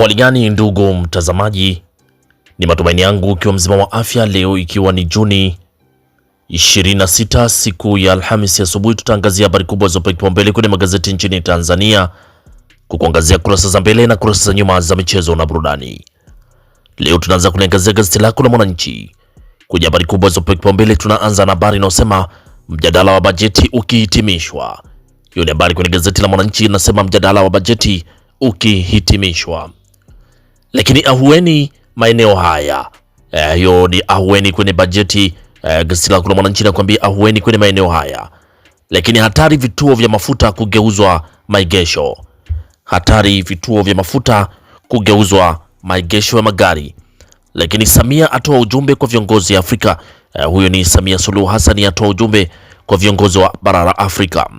Waligani ndugu mtazamaji, ni matumaini yangu ukiwa mzima wa afya leo, ikiwa ni Juni 26 siku ya Alhamisi asubuhi, tutaangazia habari kubwa zilizopewa kipaumbele kwenye magazeti nchini Tanzania, kukuangazia kurasa za mbele na kurasa za nyuma za michezo na burudani. Leo tunaanza kuliangazia gazeti lako la Mwananchi kwenye habari kubwa zopewa kipaumbele. Tunaanza na habari inayosema mjadala wa bajeti ukihitimishwa. Hiyo ni habari kwenye gazeti la Mwananchi inasema mjadala wa bajeti ukihitimishwa lakini ahueni maeneo haya. Eh, hiyo ni ahueni kwenye bajeti. eh, Gazeti la la Mwananchi nakwambia ahueni kwenye maeneo haya, lakini hatari vituo vya mafuta kugeuzwa maegesho. Hatari vituo vya mafuta kugeuzwa maegesho ya magari. Lakini Samia atoa ujumbe kwa viongozi wa Afrika. eh, huyo ni Samia Suluhu Hassan atoa ujumbe kwa viongozi wa bara la Afrika.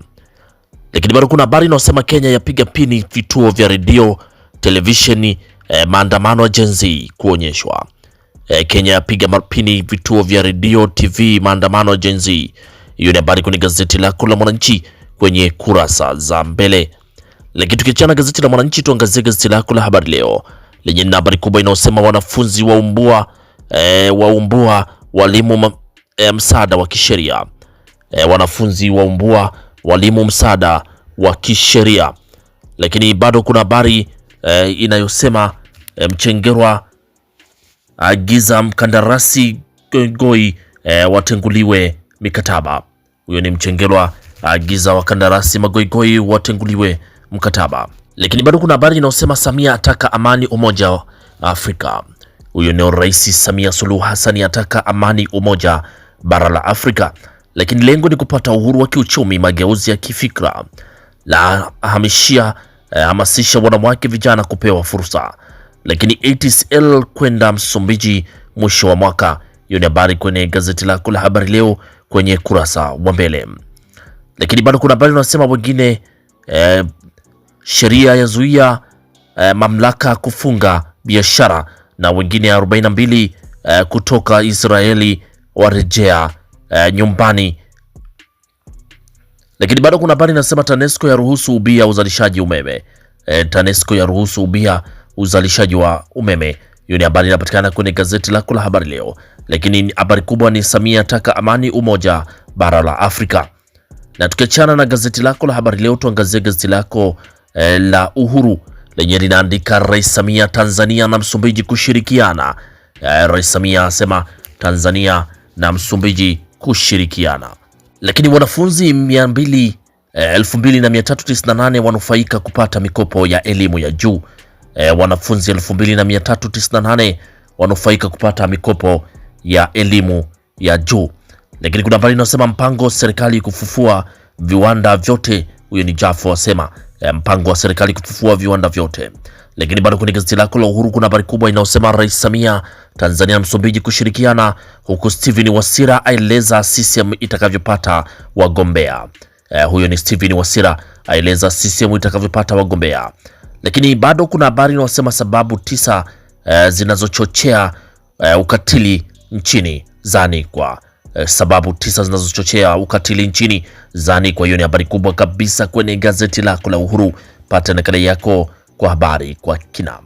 Lakini bado kuna habari inayosema Kenya yapiga pini vituo vya redio, televisheni e, maandamano ya Gen Z kuonyeshwa. E, Kenya yapiga mapini vituo vya redio, TV, maandamano ya Gen Z. Hiyo ni habari kwenye gazeti lako la Mwananchi kwenye kurasa za mbele. Lakini tukiachana gazeti la Mwananchi, tuangazie gazeti lako la Habari Leo lenye na habari kubwa inayosema wanafunzi waumbua e, waumbua walimu e, msaada wa kisheria e, wanafunzi waumbua walimu msaada wa kisheria. Lakini bado kuna habari eh, inayosema eh, Mchengerwa agiza mkandarasi goi eh, watenguliwe mikataba. Huyo ni Mchengerwa agiza wakandarasi magoigoi watenguliwe mkataba. Lakini bado kuna habari inayosema Samia ataka amani umoja Afrika. Huyo ni Rais Samia Suluhu Hassan ataka amani umoja bara la Afrika, lakini lengo ni kupata uhuru wa kiuchumi, mageuzi ya kifikra la hamishia Eh, hamasisha wanawake vijana kupewa fursa. Lakini ATCL kwenda Msumbiji mwisho wa mwaka. Hiyo ni habari kwenye gazeti lako la habari leo kwenye kurasa wa mbele. Lakini bado kuna habari unasema wengine e, sheria yazuia e, eh, mamlaka kufunga biashara na wengine 42 e, kutoka Israeli warejea e, nyumbani lakini bado kuna habari inasema TANESCO ya ruhusu ubia uzalishaji umeme. E, TANESCO ya ruhusu ubia uzalishaji wa umeme. Hiyo ni habari inapatikana kwenye gazeti lako la habari leo, lakini habari kubwa ni Samia taka amani umoja bara la Afrika. Na tukiachana na gazeti lako la habari leo, tuangazie gazeti lako e, la Uhuru lenye linaandika Rais Samia, Tanzania na Msumbiji kushirikiana. E, Rais Samia asema Tanzania na Msumbiji kushirikiana lakini wanafunzi 2398 eh, wanufaika kupata mikopo ya elimu ya juu. E, wanafunzi 2398 wanufaika kupata mikopo ya elimu ya juu. Lakini kuna habari inayosema mpango serikali kufufua viwanda vyote, huyo ni Jafo asema Eh, mpango wa serikali kufufua viwanda vyote. Lakini bado kwenye gazeti lako la Uhuru kuna habari kubwa inayosema Rais Samia, Tanzania Msumbiji kushirikiana, huku Steven Wasira aeleza CCM itakavyopata wagombea. Eh, huyo ni Steven Wasira aeleza CCM itakavyopata wagombea. Lakini bado kuna habari inayosema sababu tisa eh, zinazochochea eh, ukatili nchini zaanikwa Eh, sababu tisa zinazochochea ukatili nchini zani kwa Hiyo ni habari kubwa kabisa kwenye gazeti lako la Uhuru. Pata nakala yako kwa habari kwa kina.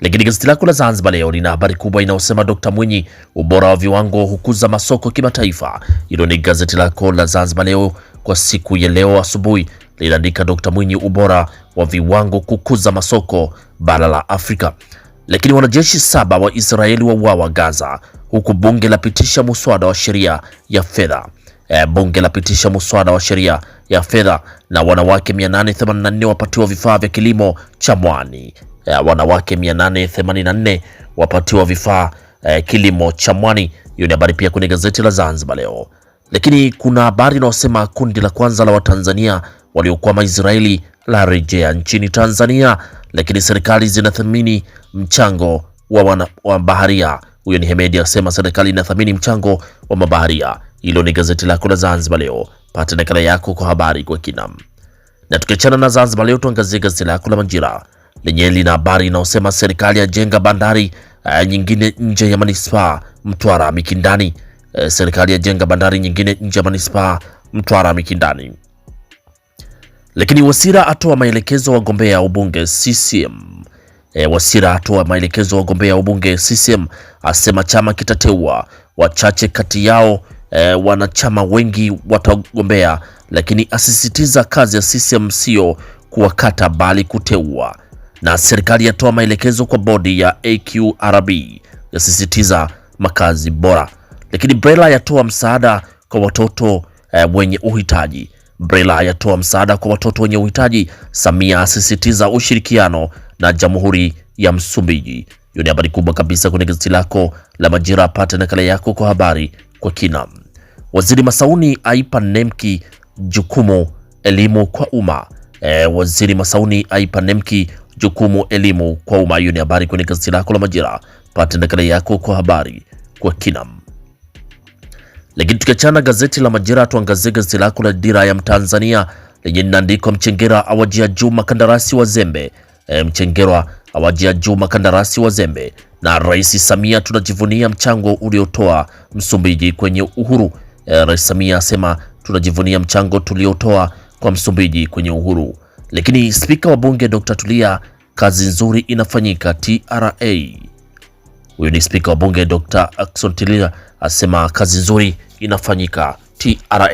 Lakini gazeti lako la Zanzibar Leo lina habari kubwa inayosema Dkt Mwinyi, ubora wa viwango hukuza masoko kimataifa. Hilo ni gazeti lako la Zanzibar Leo kwa siku ya leo asubuhi, linaandika Dkt Mwinyi, ubora wa viwango kukuza masoko bara la Afrika. Lakini wanajeshi saba wa Israeli wauawa Gaza, huku bunge lapitisha muswada wa sheria ya fedha e, bunge lapitisha muswada wa sheria ya fedha. Na wanawake 884 wapatiwa vifaa vya kilimo cha mwani e, wanawake 884 wapatiwa vifaa e, kilimo cha mwani. Hiyo ni habari pia kwenye gazeti la Zanzibar Leo. Lakini kuna habari inayosema kundi la kwanza la Watanzania waliokwama Israeli la rejea nchini Tanzania lakini serikali zinathamini mchango wa wana, wa baharia. Huyo ni Hemedi asema serikali inathamini mchango wa mabaharia. Hilo ni gazeti lako la Zanzibar Leo, pata nakala yako kwa habari kwa kina. Na tukiachana na Zanzibar Leo, tuangazie gazeti lako la Majira lenye lina habari inayosema serikali yajenga bandari uh, nyingine nje ya manispaa Mtwara Mikindani. Uh, serikali yajenga bandari nyingine nje ya manispaa Mtwara Mikindani. Lakini Wasira atoa maelekezo wagombea ubunge CCM. E, eh, Wasira atoa maelekezo wagombea ubunge CCM, asema chama kitateua wachache kati yao e, wanachama wengi watagombea, lakini asisitiza kazi ya CCM sio kuwakata bali kuteua. Na serikali yatoa maelekezo kwa bodi ya AQRB, yasisitiza makazi bora. Lakini Brela yatoa msaada kwa watoto e, wenye uhitaji Brela yatoa msaada kwa watoto wenye uhitaji. Samia asisitiza ushirikiano na Jamhuri ya Msumbiji. Hiyo ni habari kubwa kabisa kwenye gazeti lako la Majira. Apate nakala yako kwa habari kwa kina. Waziri Masauni aipa Nemki jukumu elimu kwa umma. E, Waziri Masauni aipa Nemki jukumu elimu kwa umma. Hiyo ni habari kwenye gazeti lako la Majira. Pate nakala yako kwa habari kwa kinam. Lakini tukiachana gazeti la Majira, tuangazie gazeti lako la Dira ya Mtanzania lenye linaandikwa mchengera awajia juu makandarasi wa zembe. E, Mchengerwa awajia juu makandarasi wa zembe na Rais Samia tunajivunia mchango uliotoa Msumbiji kwenye uhuru. E, Rais Samia asema tunajivunia mchango tuliotoa kwa Msumbiji kwenye uhuru. Lakini spika wa bunge Dr. Tulia, kazi nzuri inafanyika TRA. Huyu ni spika wa bunge Dr. Ackson Tilia asema kazi nzuri inafanyika TRA.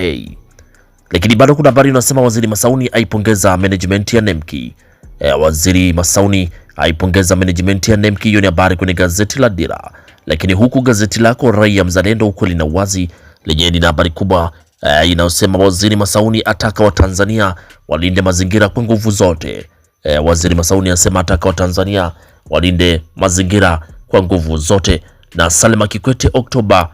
Lakini bado kuna habari inasema waziri Masauni aipongeza management ya Nemki. E, waziri Masauni aipongeza management ya Nemki. Hiyo ni habari kwenye gazeti la Dira, lakini huku gazeti lako Raia Mzalendo ukweli na uwazi lenye lina habari kubwa e, inayosema waziri Masauni ataka Watanzania walinde mazingira kwa nguvu zote. E, waziri Masauni asema ataka Watanzania walinde mazingira kwa nguvu zote. Na Salma Kikwete Oktoba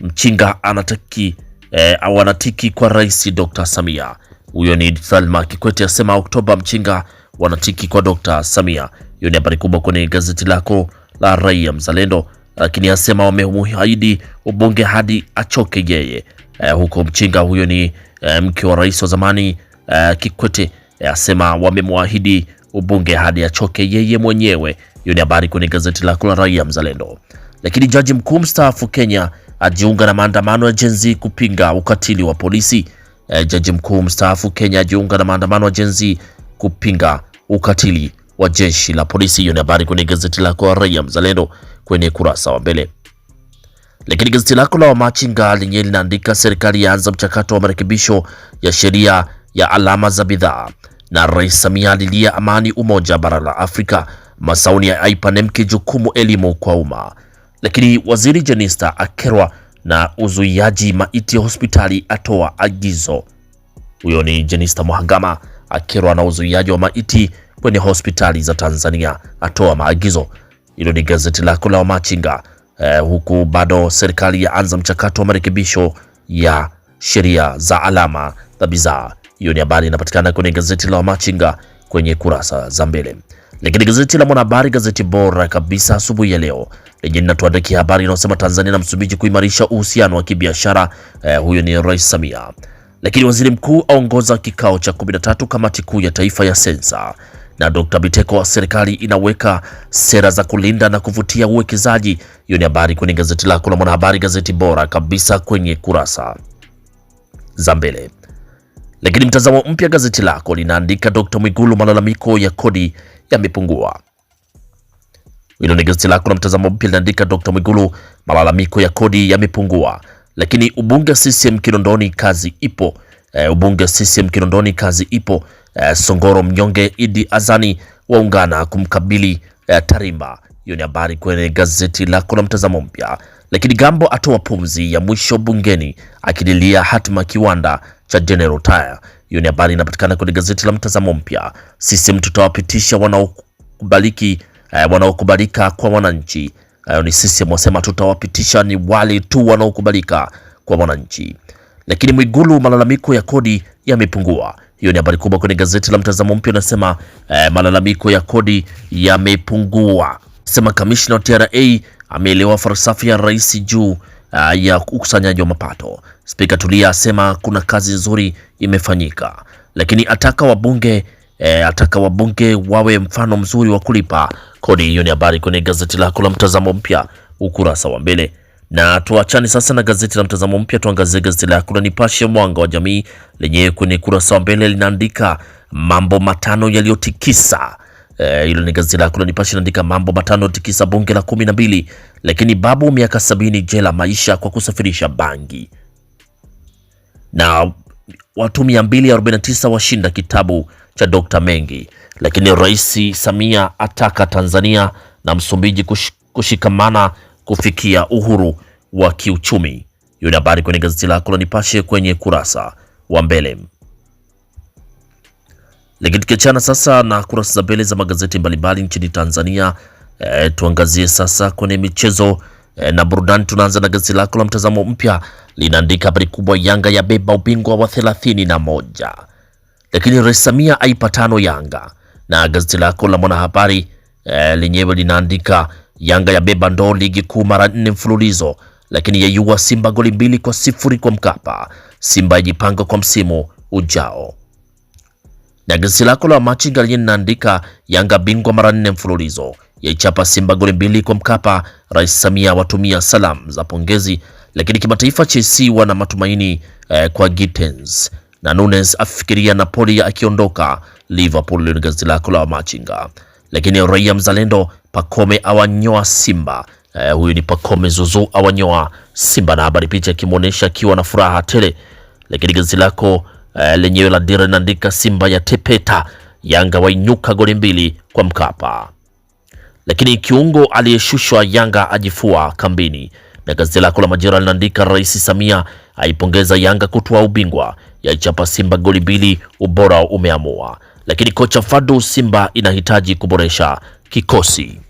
Mchinga anataki eh, wanatiki kwa Rais Dr. Samia. Huyo ni Salma Kikwete asema Oktoba Mchinga wanatiki kwa Dr. Samia. Hiyo ni habari kubwa kwenye gazeti lako la Raia Mzalendo, lakini asema wamemuahidi ubunge hadi achoke yeye. Eh, huko Mchinga huyo ni eh, mke wa rais wa zamani eh, Kikwete eh, asema wamemwahidi ubunge hadi achoke yeye mwenyewe. Hiyo ni habari kwenye gazeti lako la Raia Mzalendo. Lakini jaji mkuu mstaafu Kenya ajiunga na maandamano ya jenzi kupinga ukatili wa polisi. E, jaji mkuu mstaafu Kenya ajiunga na maandamano ya jenzi kupinga ukatili wa jeshi la polisi. Hiyo ni habari kwenye gazeti lako la Raia Mzalendo kwenye kurasa wa mbele. Lakini gazeti lako la Wamachinga lenyewe linaandika serikali yaanza mchakato wa marekebisho ya sheria ya alama za bidhaa, na Rais Samia alilia amani umoja bara la Afrika. Masauni aipa NEMC jukumu elimu kwa umma, lakini waziri Jenista akerwa na uzuiaji maiti hospitali atoa agizo. Huyo ni Jenista Mhagama akerwa na uzuiaji wa maiti kwenye hospitali za Tanzania atoa maagizo. Hilo ni gazeti lako la machinga Eh, huku bado serikali yaanza mchakato wa marekebisho ya sheria za alama za bidhaa. Hiyo ni habari inapatikana kwenye gazeti la machinga kwenye kurasa za mbele. Lakini gazeti la Mwanahabari, gazeti bora kabisa asubuhi ya leo, lenye linatuandikia habari inayosema Tanzania na Msumbiji kuimarisha uhusiano wa kibiashara. Eh, huyo ni Rais Samia. Lakini waziri mkuu aongoza kikao cha 13 kamati kuu ya taifa ya sensa, na Dr. Biteko, serikali inaweka sera za kulinda na kuvutia uwekezaji. Hiyo ni habari kwenye gazeti lako la Mwanahabari, gazeti bora kabisa kwenye kurasa za mbele. Lakini mtazamo mpya gazeti lako linaandika Dr. Mwigulu, malalamiko ya kodi yamepungua. Hilo ni gazeti lako na mtazamo mpya linaandika Dr. Mwigulu, malalamiko ya kodi yamepungua. Lakini ubunge CCM Kinondoni, kazi ipo. E, ubunge CCM Kinondoni, kazi ipo. E, Songoro mnyonge, Idi Azani waungana kumkabili e, Tarimba. Hiyo ni habari kwenye gazeti lako la Mtazamo Mpya. Lakini Gambo atoa pumzi ya mwisho bungeni akililia hatima kiwanda cha General Tire. Hiyo ni habari inapatikana kwenye gazeti la Mtazamo Mpya. Sisi tutawapitisha wanaokubaliki eh, wanaokubalika kwa wananchi. Hayo ni sisi mwasema tutawapitisha ni wale tu wanaokubalika kwa wananchi. Lakini Mwigulu, malalamiko ya kodi yamepungua. Hiyo ni habari kubwa kwenye gazeti la Mtazamo Mpya, unasema, eh, malalamiko ya kodi yamepungua sema kamishna wa TRA ameelewa falsafa ya rais juu ah, ya ukusanyaji wa mapato. Spika Tulia asema kuna kazi nzuri imefanyika, lakini ataka wabunge E, ataka wabunge wawe mfano mzuri wa kulipa kodi. Hiyo ni habari kwenye gazeti lako la Mtazamo Mpya ukurasa wa mbele, na tuachane sasa na gazeti la Mtazamo Mpya, tuangazie gazeti lako la Nipashe Mwanga wa Jamii lenyewe kwenye kurasa wa mbele linaandika mambo matano yaliyotikisa Eh, hilo e, ni gazeti lako la Nipashe inaandika mambo matano tikisa bunge la kumi na mbili, lakini babu miaka sabini jela maisha kwa kusafirisha bangi, na watu 249 washinda kitabu cha Dr. Mengi, lakini Rais Samia ataka Tanzania na Msumbiji kush, kushikamana kufikia uhuru wa kiuchumi. Hiyo ni habari kwenye gazeti lako la Nipashe kwenye kurasa wa mbele. Lakini tukiachana sasa na kurasa za mbele za magazeti mbalimbali nchini Tanzania, e, tuangazie sasa kwenye michezo e, na burudani. Tunaanza na gazeti lako la Mtazamo Mpya, linaandika habari kubwa, Yanga ya beba ubingwa wa thelathini na moja, lakini Rais Samia aipa tano Yanga. Na gazeti lako la Mwanahabari e, lenyewe linaandika Yanga ya beba ndo ligi kuu mara nne mfululizo, lakini yaiua Simba goli mbili kwa sifuri kwa Mkapa. Simba ijipanga kwa msimu ujao na gazeti lako la Machinga lenye linaandika Yanga bingwa mara nne mfululizo yaichapa Simba goli mbili kwa Mkapa. Rais Samia watumia salam za pongezi, lakini kimataifa Chelsea wana matumaini eh, kwa Gittens na Nunes afikiria Napoli akiondoka Liverpool. Ni gazeti lako la Machinga. Lakini Raia Mzalendo, Pakome awanyoa Simba. Eh, huyu ni Pakome Zuzu awanyoa Simba, na habari picha akimwonyesha akiwa na furaha tele. Lakini gazeti lako eh, lenyewe la dira linaandika Simba ya tepeta Yanga wainyuka goli mbili kwa Mkapa. Lakini kiungo aliyeshushwa Yanga ajifua kambini, na gazeti lako la Majira linaandika Rais Samia aipongeza Yanga kutoa ubingwa, yaichapa Simba goli mbili, ubora umeamua. Lakini kocha Fadu, Simba inahitaji kuboresha kikosi.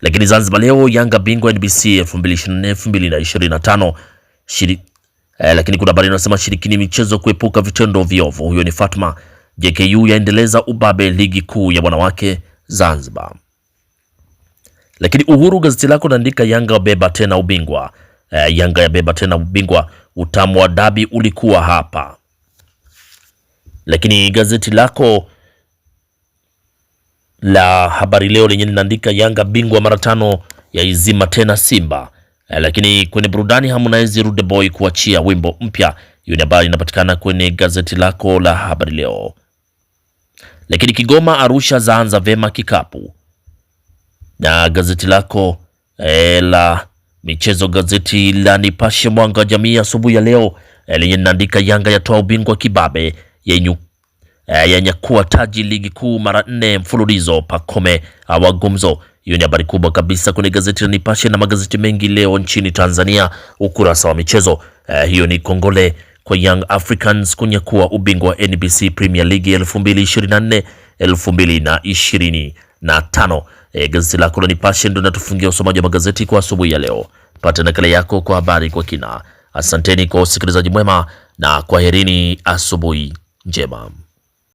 Lakini Zanzibar Leo, Yanga bingwa NBC 2024 2025 E, lakini kuna habari inasema shirikini michezo kuepuka vitendo viovu. Huyo ni Fatma. JKU yaendeleza ubabe ligi kuu ya wanawake Zanzibar. Lakini Uhuru gazeti lako naandika Yanga beba tena ubingwa. E, Yanga ya beba tena ubingwa, utamu wa dabi ulikuwa hapa. Lakini gazeti lako la habari leo lenye linaandika Yanga bingwa mara tano ya izima tena Simba Eh, lakini kwenye burudani, Harmonize Rude Boy kuachia wimbo mpya. Hiyo ni habari inapatikana kwenye gazeti lako la habari leo. Lakini Kigoma, Arusha zaanza vema kikapu na gazeti lako e, la michezo gazeti la Nipashe mwanga jamii asubuhi ya leo eh, lenye linaandika Yanga yatoa ubingwa kibabe yenyu yanyakua taji ligi kuu mara nne mfululizo Pakome awagumzo. Ah, hiyo ni habari kubwa kabisa kwenye gazeti la Nipashe na magazeti mengi leo nchini Tanzania, ukurasa wa michezo. Uh, hiyo ni kongole kwa Young Africans kunyakua ubingwa wa NBC Premier League 2024 2025. E, gazeti lako la Nipashe ndio linatufungia usomaji wa magazeti kwa asubuhi ya leo. Pata nakala yako kwa habari kwa kina. Asanteni kwa usikilizaji mwema na kwaherini, asubuhi njema.